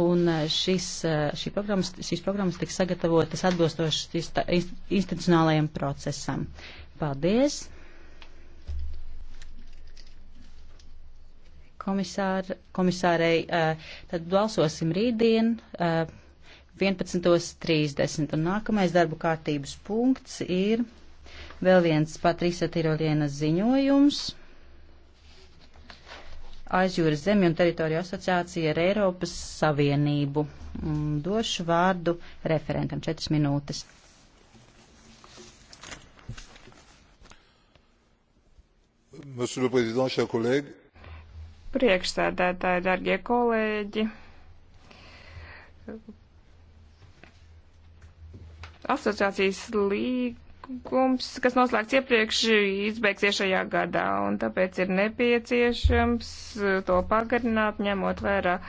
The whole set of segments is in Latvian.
un eh, šis, eh, šī programmas, šīs programmas tiks sagatavotas atbilstoši institucionālajiem procesam. Paldies! Komisār, komisārei, eh, tad balsosim rītdien 11.30. Un nākamais darbu kārtības punkts ir vēl viens Patrisa Tirolienas ziņojums. Aizjūras zemju un teritoriju asociācija ar Eiropas Savienību. Mm, došu vārdu referentam četras minūtes. Priekšsēdētāji, darbie kolēģi, asociācijas līga līgums, kas noslēgts iepriekš, izbeigsies šajā gadā, un tāpēc ir nepieciešams uh, to pagarināt, ņemot vērā uh,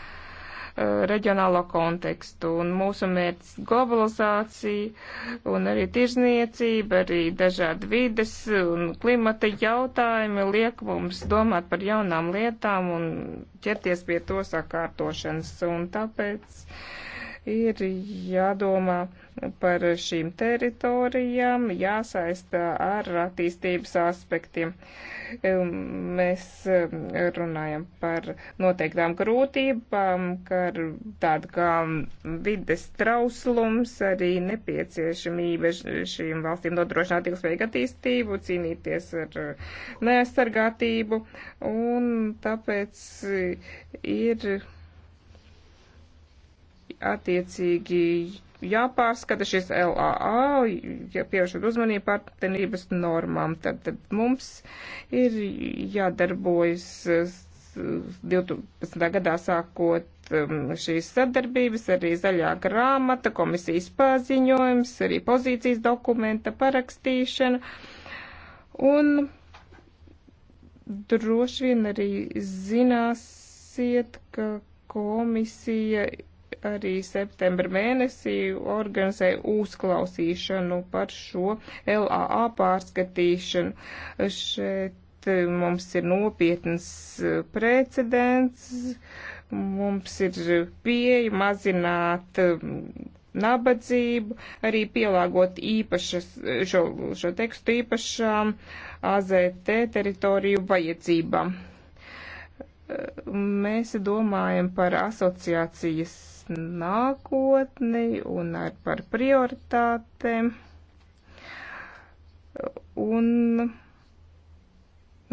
reģionālo kontekstu. Un mūsu mērķis - globalizācija un arī tirzniecība, arī dažādi vides un klimata jautājumi liek mums domāt par jaunām lietām un ķerties pie to sakārtošanas. Un tāpēc ir jādomā par šīm teritorijām, jāsaista ar attīstības aspektiem. Mēs runājam par noteiktām grūtībām, ka tāda kā vides trauslums, arī nepieciešamība šīm valstīm nodrošināt ilgspējīgu attīstību, cīnīties ar neaizsargātību, un tāpēc ir attiecīgi jāpārskata šis LAA, ja pievēršot uzmanību partnerības normām, tad, tad mums ir jādarbojas 12. gadā sākot um, šīs sadarbības, arī zaļā grāmata, komisijas paziņojums, arī pozīcijas dokumenta parakstīšana. Un droši vien arī zināsiet, ka komisija arī septembra mēnesī organizēja uzklausīšanu par šo LAA pārskatīšanu. Šeit eh, mums ir nopietns eh, precedents, mums ir pieeja mazināt eh, nabadzību, arī pielāgot īpašas, šo, šo tekstu īpašām AZT teritoriju vajadzībām mēs domājam par asociācijas nākotni un par prioritātēm. Un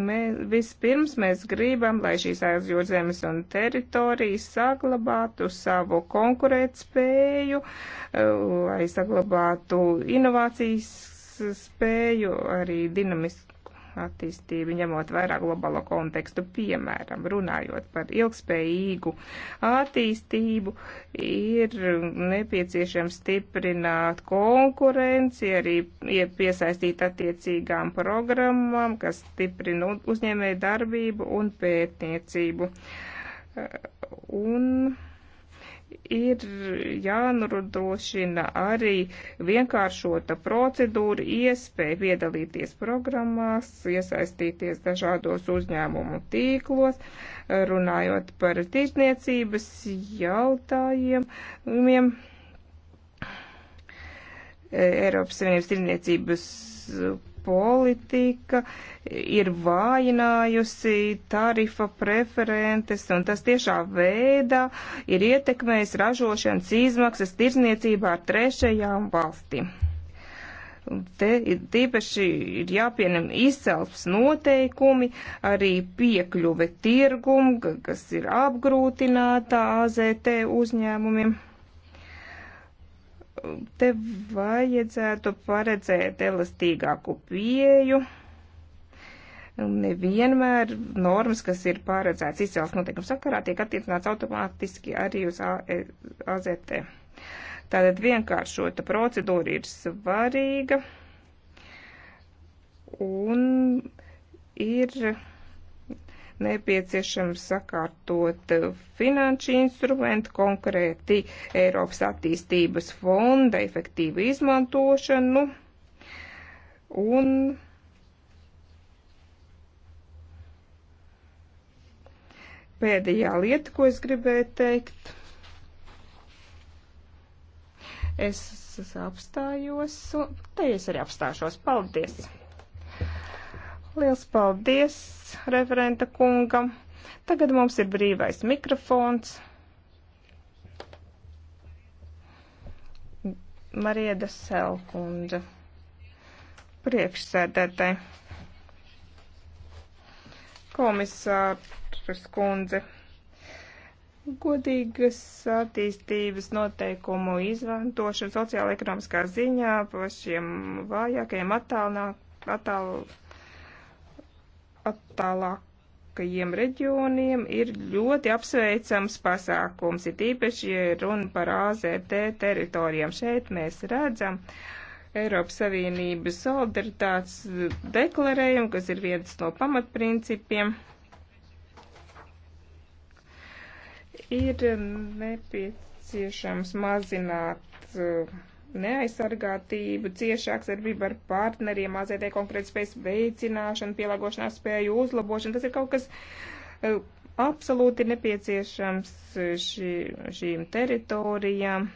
mēs, vispirms mēs gribam, lai šīs aizjūrzemes un teritorijas saglabātu savu konkurētspēju, eh, lai saglabātu inovācijas spēju, arī dinamisku attīstību, ņemot vairāk globālo kontekstu, piemēram, runājot par ilgspējīgu attīstību, ir nepieciešams stiprināt konkurenci, arī piesaistīt attiecīgām programmām, kas stiprina uzņēmēju darbību un pētniecību. Un ir jānodrošina arī vienkāršota procedūra, iespēja piedalīties programmās, iesaistīties dažādos uzņēmumu tīklos, runājot par tirzniecības jautājumiem. Eiropas Savienības tirzniecības politika ir vājinājusi tarifa preferentes, un tas tiešā veidā ir ietekmējis ražošanas izmaksas tirzniecībā ar trešajām valstīm. Te tīpaši ir jāpieņem izcelps noteikumi, arī piekļuve tirgumu, kas ir apgrūtinātā AZT uzņēmumiem te vajadzētu paredzēt elastīgāku pieju. Nevienmēr normas, kas ir pārredzētas izcēlas noteikuma sakarā, tiek attiecināts automātiski arī uz AZT. E, Tātad vienkāršota procedūra ir svarīga un ir nepieciešams sakārtot eh, finanšu instrumentu, konkrēti Eiropas attīstības fonda efektīvu izmantošanu un pēdējā lieta, ko es gribēju teikt. Es apstājos, un te es arī apstāšos. Paldies! Liels paldies referenta kungam. Tagad mums ir brīvais mikrofons. Marija Deselkundze, priekšsēdētāji, komisārs kundze, godīgas attīstības noteikumu izmantošana sociāla ekonomiskā ziņā pašiem vājākajiem attālināt attāl tālākajiem reģioniem ir ļoti apsveicams pasākums, ir tīpaši, ja runa par AZT teritorijām. Šeit mēs redzam Eiropas Savienības solidaritātes deklarējumu, kas ir viens no pamatprincipiem. Ir nepieciešams mazināt uh, neaizsargātību, ciešāks darbība ar partneriem, AZT konkurētspējas veicināšana, pielāgošanās spēju uzlabošana. Tas ir kaut kas e, absolūti nepieciešams e, šī, šīm teritorijām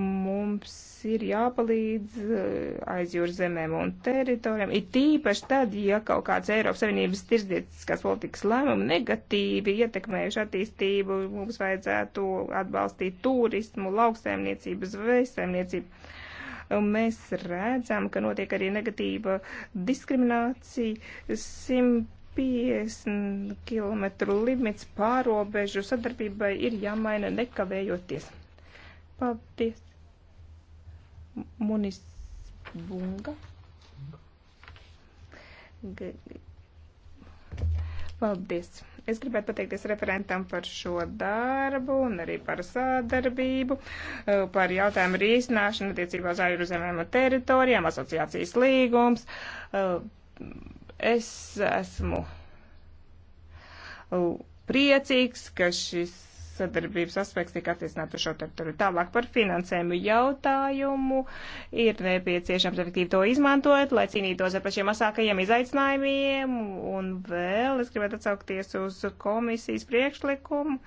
mums ir jāpalīdz eh, aizjūras zemēm un teritorijām, ir tīpaši tad, ja kaut kāds Eiropas Savienības tirdzniecības politikas lēmumi negatīvi ietekmējuši attīstību, mums vajadzētu atbalstīt turismu, lauksaimniecību, zvejsaimniecību. Mēs redzam, ka notiek arī negatīva diskriminācija. 150 km limits pārobežu sadarbībai ir jāmaina nekavējoties. Paldies. Munis Bunga. G Paldies! Es gribētu pateikties referentam par šo darbu un arī par sadarbību, eh, par jautājumu risināšanu attiecībā uz aizruzemēm un teritorijām, asociācijas līgums. Eh, es esmu eh, priecīgs, ka šis sadarbības aspekts tiek attiecināt uz šo teritoriju. Tālāk par finansējumu jautājumu ir nepieciešams efektīvi to izmantot, lai cīnītos ar pašiem masākajiem izaicinājumiem. Un vēl es gribētu atsaukties uz komisijas priekšlikumu.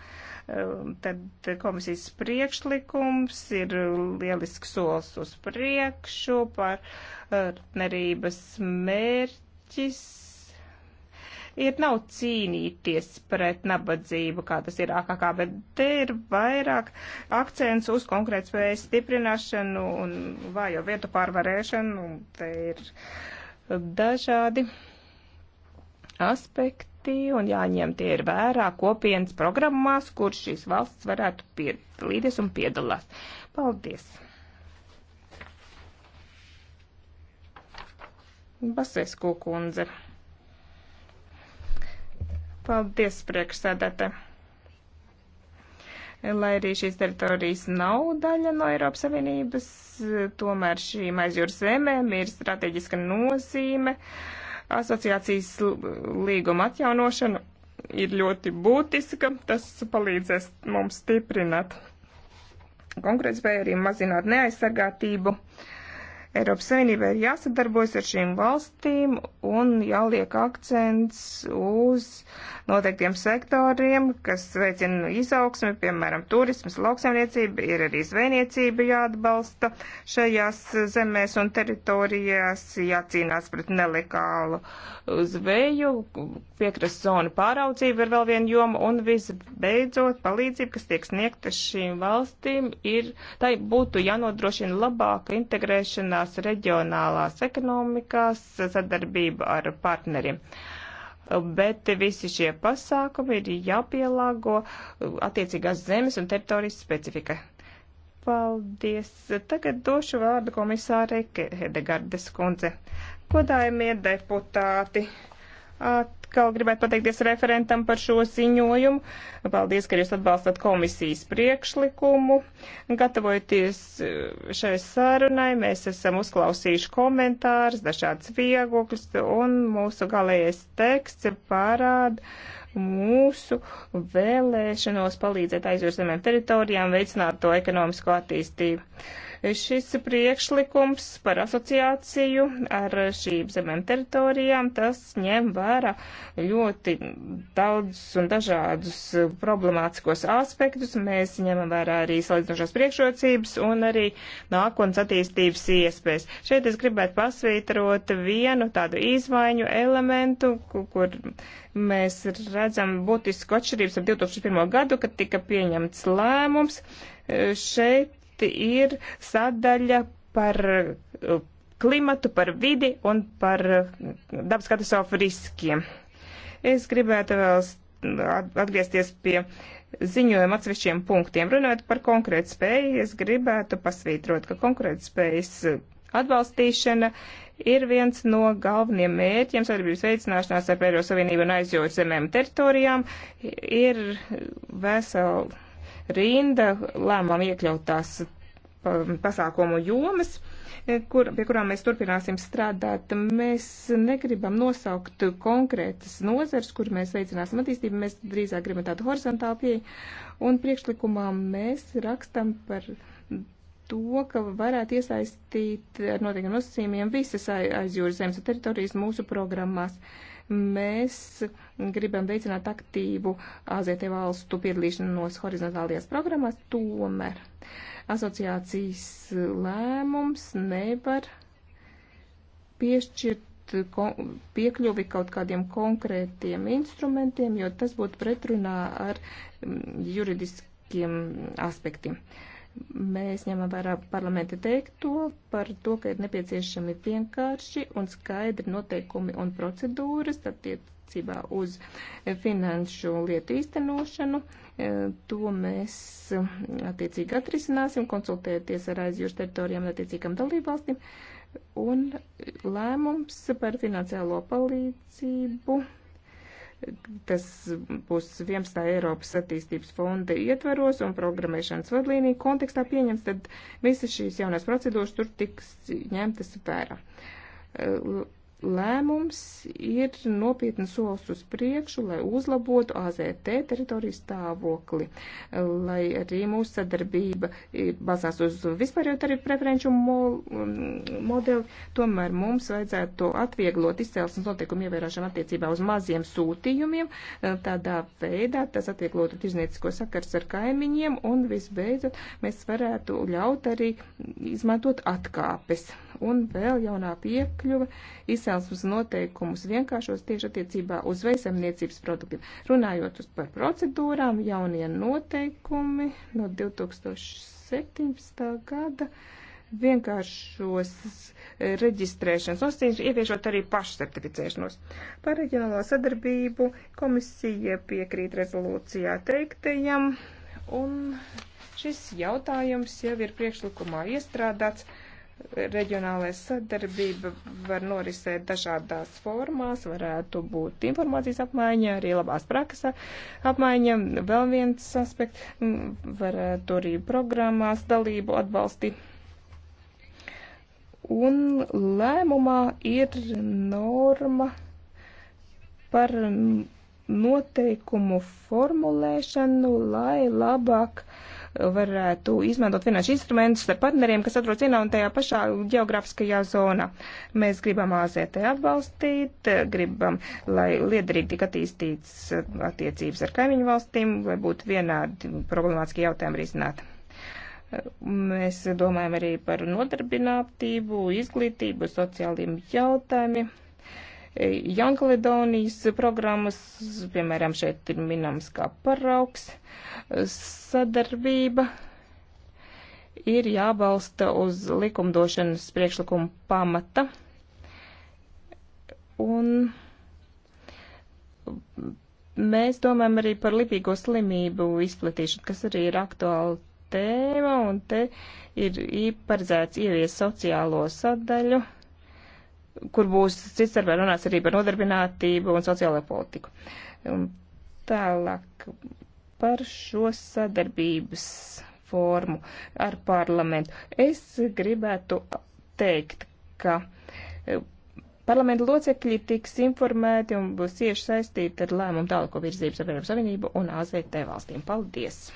Ehm, tad komisijas priekšlikums ir lielisks solis uz priekšu par eh, nerības mērķis ir nav cīnīties pret nabadzību, kā tas ir AKK, bet te ir vairāk akcents uz konkrētspējas stiprināšanu un vājo vietu pārvarēšanu, un te ir dažādi aspekti, un jāņem tie ir vērā kopienas programmās, kur šīs valsts varētu piedalīties un piedalās. Paldies! Basesku kundze. Paldies, priekšsēdētē. Lai arī šīs teritorijas nav daļa no Eiropas Savienības, tomēr šīm aizjūras zemēm ir strateģiska nozīme. Asociācijas līguma atjaunošana ir ļoti būtiska. Tas palīdzēs mums stiprināt konkurētspēju, arī mazināt neaizsargātību. Uh, Eiropas Savienībai ir jāsadarbojas ar šīm valstīm un jāliek akcents uz noteiktiem sektoriem, kas veicina izaugsmi, piemēram, turismas, lauksaimniecība, ir arī zvejniecība jāatbalsta šajās zemēs un teritorijās, jācīnās pret nelegālu zveju, piekras zonu pāraudzība ir vēl viena joma un visbeidzot palīdzība, kas tiek sniegta šīm valstīm, ir, tai būtu jānodrošina labāka integrēšanās dažādās reģionālās ekonomikās sadarbība ar partneriem. Bet visi šie pasākumi ir jāpielāgo attiecīgās zemes un teritorijas specifikai. Paldies. Tagad došu vārdu komisārei Hedegardes kundze. Godājumie deputāti, at atkal gribētu pateikties referentam par šo ziņojumu. Paldies, ka jūs atbalstat komisijas priekšlikumu. Gatavojoties eh, šai sarunai, mēs esam uzklausījuši komentārus, dažādas viegokļus, un mūsu galējais teksts parāda mūsu vēlēšanos palīdzēt aizjūrzemēm teritorijām, veicināt to ekonomisko attīstību. Šis priekšlikums par asociāciju ar šīm zemēm teritorijām, tas ņem vērā ļoti daudz un dažādus problemātiskos aspektus. Mēs ņemam vērā arī salīdzinošās priekšrocības un arī nākotnes attīstības iespējas. Šeit es gribētu pasvītrot vienu tādu izmaiņu elementu, kur mēs redzam būtisku atšķirības ar 2001. gadu, kad tika pieņemts lēmums. Šeit ir sadaļa par uh, klimatu, par vidi un par uh, dabas katastrofu riskiem. Es gribētu vēl atgriezties pie ziņojuma atsevišķiem punktiem. Runājot par konkrētu spēju, es gribētu pasvītrot, ka konkrētu spējas uh, atbalstīšana ir viens no galveniem mērķiem sadarbības veicināšanās ar Pēdējo Savienību un aizjūtas zemēm teritorijām. Ir vesela rinda lēmām iekļautās um, pasākumu jomas, eh, kur, pie kurām mēs turpināsim strādāt. Mēs negribam nosaukt konkrētas nozars, kur mēs veicināsim attīstību, mēs drīzāk gribam tādu horizontālu pieeju, un priekšlikumā mēs rakstam par to, ka varētu iesaistīt ar noteikumiem nosacījumiem visas aizjūras zemes teritorijas mūsu programmās. Uh, Mēs gribam veicināt aktīvu AZT valstu piedalīšanos horizontālajās programmās, tomēr asociācijas lēmums nevar piešķirt piekļuvi kaut kādiem konkrētiem instrumentiem, jo tas būtu pretrunā ar mm, juridiskiem aspektiem. Uh, Mēs ņemam vērā parlamenta teikto par to, ka ir nepieciešami vienkārši un skaidri noteikumi un procedūras attiecībā uz finanšu lietu īstenošanu. E, to mēs e, attiecīgi atrisināsim, konsultēties ar aizjūras teritorijām un attiecīgām dalībvalstīm. Un lēmums par finansiālo palīdzību Tas būs 11. Eiropas attīstības fonda ietvaros un programmēšanas vadlīniju kontekstā pieņems, tad visas šīs jaunās procedūras tur tiks ņemtas vērā lēmums ir nopietni solis uz priekšu, lai uzlabotu AZT teritoriju stāvokli, lai arī mūsu sadarbība bazās uz vispārējo tarifu preferenču mo modeli, tomēr mums vajadzētu atvieglot izcelsmes noteikumu ievērošanu attiecībā uz maziem sūtījumiem, e, tādā veidā tas atvieglotu tirzniecisko sakars ar kaimiņiem un visbeidzot mēs varētu ļaut arī izmantot atkāpes. Un vēl jaunā piekļuva iz sociālus noteikumus vienkāršos tieši attiecībā uz veisamniecības produktiem. Runājot par procedūrām, jaunie noteikumi no 2017. gada vienkāršos reģistrēšanas nosacījumus, ieviešot arī pašsertificēšanos. Par reģionālo sadarbību komisija piekrīt rezolūcijā teiktajam, un šis jautājums jau ir priekšlikumā iestrādāts Reģionālais sadarbība var norisēt dažādās formās, varētu būt informācijas apmaiņa, arī labās praksa apmaiņa. Vēl viens aspekts varētu arī programmās dalību atbalstīt. Un lēmumā ir norma par noteikumu formulēšanu, lai labāk uh, varētu izmantot finanšu instrumentus ar partneriem, kas atrodas vienā un tajā pašā geogrāfiskajā zonā. Mēs gribam AZT atbalstīt, gribam, lai liederīgi tik attīstīts uh, attiecības ar kaimiņu valstīm, lai būtu vienādi problemātiski jautājumi risināti. Mēs domājam arī par nodarbinātību, izglītību, sociāliem jautājumiem Jaunkaledonijas programmas, piemēram, šeit ir minams kā paraugs, sadarbība ir jābalsta uz likumdošanas priekšlikumu pamata. Un mēs domājam arī par lipīgo slimību izplatīšanu, kas arī ir aktuāla tēma, un te ir paredzēts ievies sociālo sadaļu kur būs cits darbā runāts arī par nodarbinātību un sociālo politiku. Tālāk par šo sadarbības formu ar parlamentu. Es gribētu teikt, ka e, parlamenta locekļi tiks informēti un būs cieši saistīti ar lēmumu tālāko virzību Savienības Savienību un AZT valstīm. Paldies!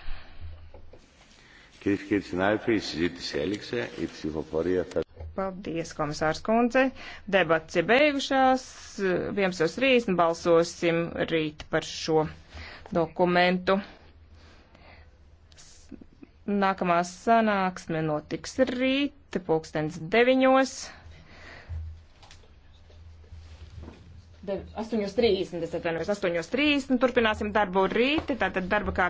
Κύριε και κύριοι συνάδελφοι, η συζήτηση έληξε. Η ψηφοφορία θα... Paldies, komisārs kundze. Debats ir beigušās. 11.30 balsosim rīt par šo dokumentu. Nākamā sanāksme notiks rīt, pulkstens 9. 8.30, es atvainojos, 8.30, turpināsim darbu rīti, tātad darba kā